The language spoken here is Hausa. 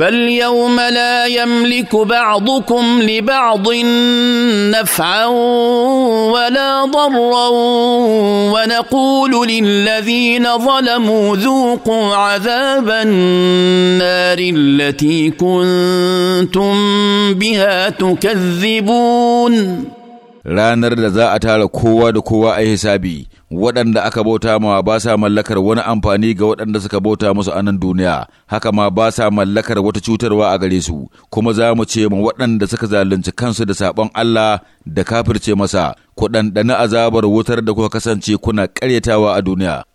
فاليوم لا يملك بعضكم لبعض نفعا ولا ضرا ونقول للذين ظلموا ذوقوا عذاب النار التي كنتم بها تكذبون لا نرد ذا أتال tara kowa أي kowa waɗanda aka bauta ma ba sa mallakar wani amfani ga waɗanda suka bauta musu a nan duniya haka ma ba sa mallakar wata cutarwa a gare su kuma za mu ce ma waɗanda suka zalunci kansu da saɓon Allah da kafirce masa ku ɗanɗani azabar wutar da kuka kasance kuna ƙaryatawa a duniya